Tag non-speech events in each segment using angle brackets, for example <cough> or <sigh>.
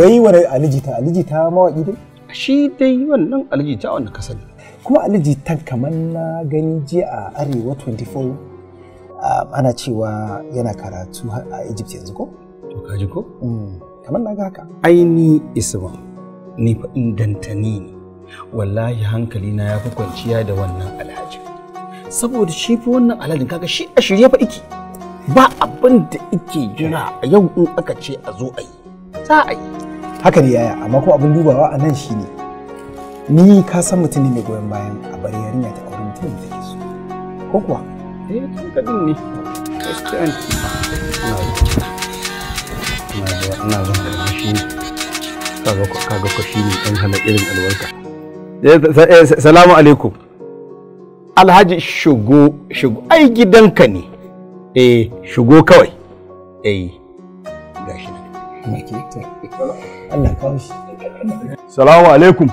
wai wani alijita alijita mawaƙi dai shi dai wannan alijita wanda ka sani kuma alijitan kamar na gani jiya a arewa 24 ah, ana cewa yana karatu a egypt yanzu ko to ji ko mm, kamar na ga haka aini isma ni fa dantani ne wallahi hankali na ya fi kwanciya da wannan alhaji saboda shi fi wannan alhajin kaga shi a shirye fa iki ba abin da ike jira a yau in aka ce a zo a yi za a yi haka ne yaya amma ko abin dubawa a nan shine ni ka san mutum ne mai goyon bayan a bar yarinya ta aure mutum da take so ko kuwa eh kan ne gaskiya ne ina ga ina shi kaga kaga ko shi ne dan hana irin albarka eh, eh, salamu alaikum alhaji shigo shigo ai gidanka ne eh shigo kawai eh Allah <laughs> kawo shi salamu alaikum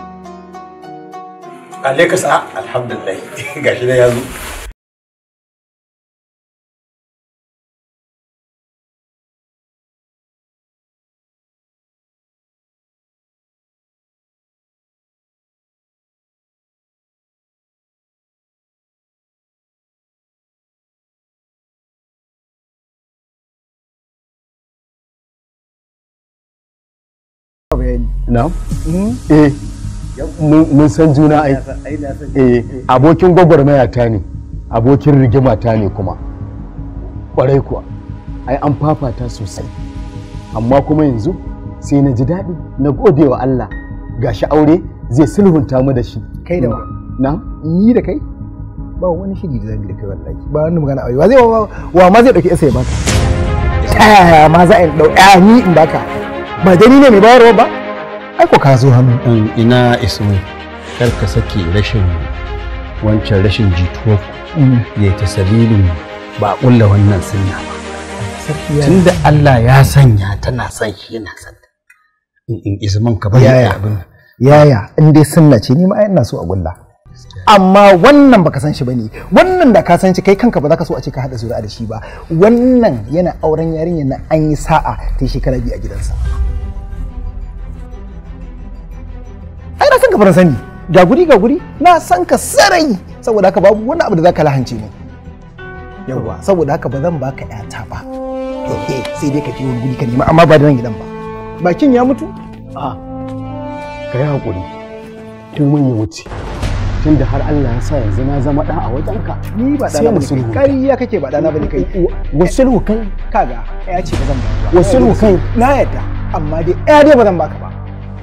alaikas alhamdulillah <laughs> gashi na yazo koya na eh mun san juna ai eh abokin gwagwarmaya ta ne abokin rigima ta ne kuma kwarai kuwa ai an fafata sosai amma kuma yanzu sai na ji daɗi na gode wa Allah gashi aure zai sulhunta mu da shi kai da na ni da kai ba wani shiri da zai da kai wallahi ba wani magana aure wa zai wa ma zai dauki sai ba ta yaya ma za a dau ni in baka ba dani ne mai bayarwa ba aiko ka zo hannu ina ismi kar ka sake rashin wancan rashin jituwa mm. ya ta sabilin ba kulla wannan sunna ba tunda Allah ya sanya tana son shi yana son in ismin ka ba yaya abin yaya in dai sunna ce ni ma ina so a gulla amma wannan baka san shi bane wannan da ka san shi kai kanka ba za ka so a ce ka hada zuri'a da shi ba wannan yana auren yarinya na an yi sa'a ta shekara biyu a gidansa san ka faran sani ga guri ga guri na san ka sarai saboda haka babu wani abu da zaka lahance ni yawa saboda haka ba zan baka yata ba eh sai dai ka je wani guri ka nema amma ba da nan gidan ba bakin ya mutu a ka yi hakuri tun mun yi wuce tun da har Allah ya sa yanzu na zama ɗa a ka ni ba ɗana bane kai ya kake ba ɗana bane kai wasu kai kaga ya ce ba zan ba wasu kai na yadda amma dai ya dai ba zan baka ba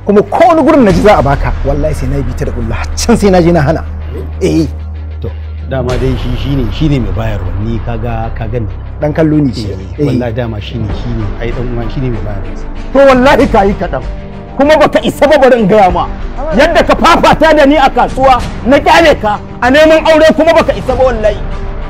kuma ko wani gurin na ji za a baka wallahi sai na bi ta da kulla can sai na je na hana eh to dama dai shi shine shine mai bayarwa ni kaga ka gani dan kallo ni shi eh, eh. wallahi dama shine shine ai dan uwan shine mai bayarwa to wallahi kai kadan kuma baka isa ba barin gaya ma yadda ka fafata da ni a kasuwa na kyale ka a neman aure kuma baka isa ba wallahi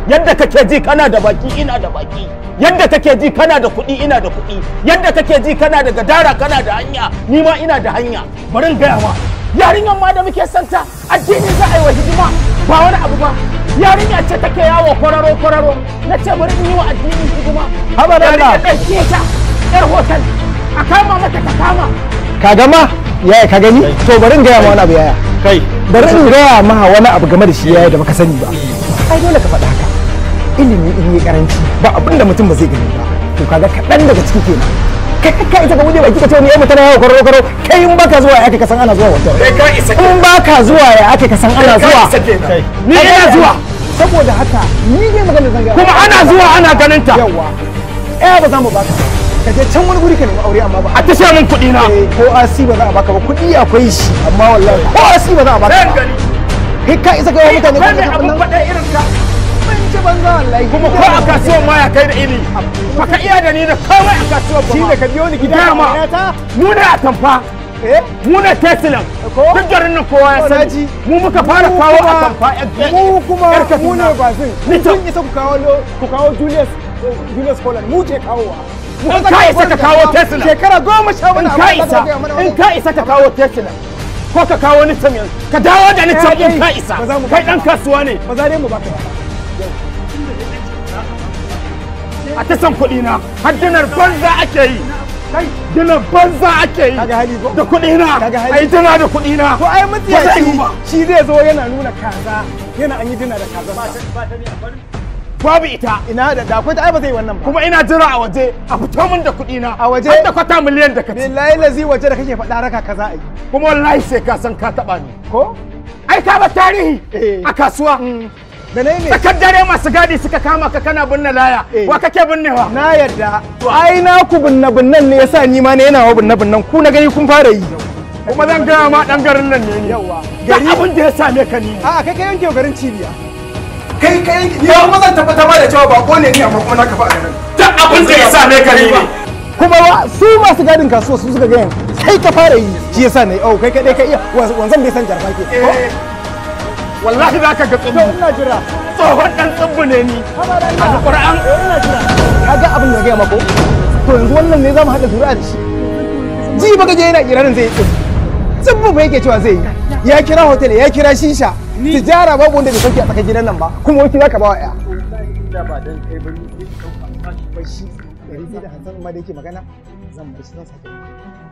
yadda kake ji kana da baki ina da baki yadda take ji kana da kuɗi ina da kuɗi yadda take ji kana da gadara kana da hanya ni ma ina da hanya bari in gaya ma yarinyar ma da muke santa addini za a yi wa hidima ba wani abu ba yarinya ce take yawo kwararo kwararo na ce bari in yi wa addini hidima haba da ga ɗauke ta yar hotel a kama mata ta kama ka ma yaya ka gani to bari in gaya ma wani abu yaya kai bari in gaya ma wani abu game da shi yaya da baka sani ba ai dole ka faɗa haka ilimi in yi karanci ba abin da mutum ba zai gani ba to kaga kaɗan daga ciki kenan eh, kai ka isa ka bude baki ka ce ni mutane yawo karo karo kai in baka zuwa ya ake kasan ana zuwa wata kai ka isa in baka zuwa ya ake kasan ana zuwa ni ina zuwa saboda haka ni ne magana zan ga kuma ana zuwa ana ganin ta yawa eh ba za mu baka ka je can wani guri ka nemi aure amma ba a tashi min kuɗi na eh, ko asi ba za a baka ba kuɗi akwai shi amma wallahi ko asi ba za a baka ba kai ka isa ka yawo mutane ko ka faɗa irin ka in banza wallahi kuma ko a kasuwar ma ya kai da ini baka iya da ni da kawai a kasuwar ba ka biyo ni gida ma mu ne a tamfa eh? mu ne tesla duk garin nan kowa ya sani mu muka fara kawo a tamfa mu kuma mu ne isa ku kawo ku kawo julius eh, julius mu ce kawowa in ka isa ka kawo tesla shekara goma sha wani in ka isa ka kawo tesla ko ka kawo nitam yanzu ka dawo da nitam eh, in ka isa kai dan kasuwa ne ba za mu baka ba a ta san kuɗi na har dinar banza ake yi dinar banza ake yi da kuɗi na a yi dina da kuɗi na to ai mutiyaci shi zai zo yana nuna kaza yana an yi dina da kaza babu ita ina da da kwata ai ba zai wannan ba kuma ina jira a waje a fito min da kuɗi na a waje da kwata miliyan da kace billahi lazi waje da kake faɗa raka kaza ai kuma wallahi sai ka san ka taba ni ko ai ka ba tarihi eh. a kasuwa mm. Tsakar dare masu gadi suka kama ka kana binne laya. Eh. Wa kake binnewa? Na yadda. To ai na ku binne binnan ne yasa ni ma ne yana wa binne binnan ku na gani kun fara yi. Kuma zan gaya ma dan garin nan ne ni. Yawa. Gari abin da ya same ka ni. A'a kai ka yanke garin cibiya. Kai kai yanke ni kuma zan tabbatar ma da cewa bako ne ni amma kuma na kafa a garin. Duk abin da ya same ka ni. Kuma su masu gadin kasuwa su suka gaya sai ka fara yi shi yasa na yi au oh, kai kadai ka iya wanzan bai san jarfa eh. ke. wallahi za ka ga jira tsohon dan tsubu ne ni alƙur'an ka ga abin da gaya mako to yanzu wannan ne za mu haɗa zuri'a da shi ji ba je yana kirarin zai yi tsubu tsumbu ba yake cewa zai yi ya kira hotel ya kira shisha tijara babu wanda bai sauke a tsakar gidan nan ba kuma wani za ka ba wa ya ba shi ɗari da ma da yake magana zan bar shi zan sake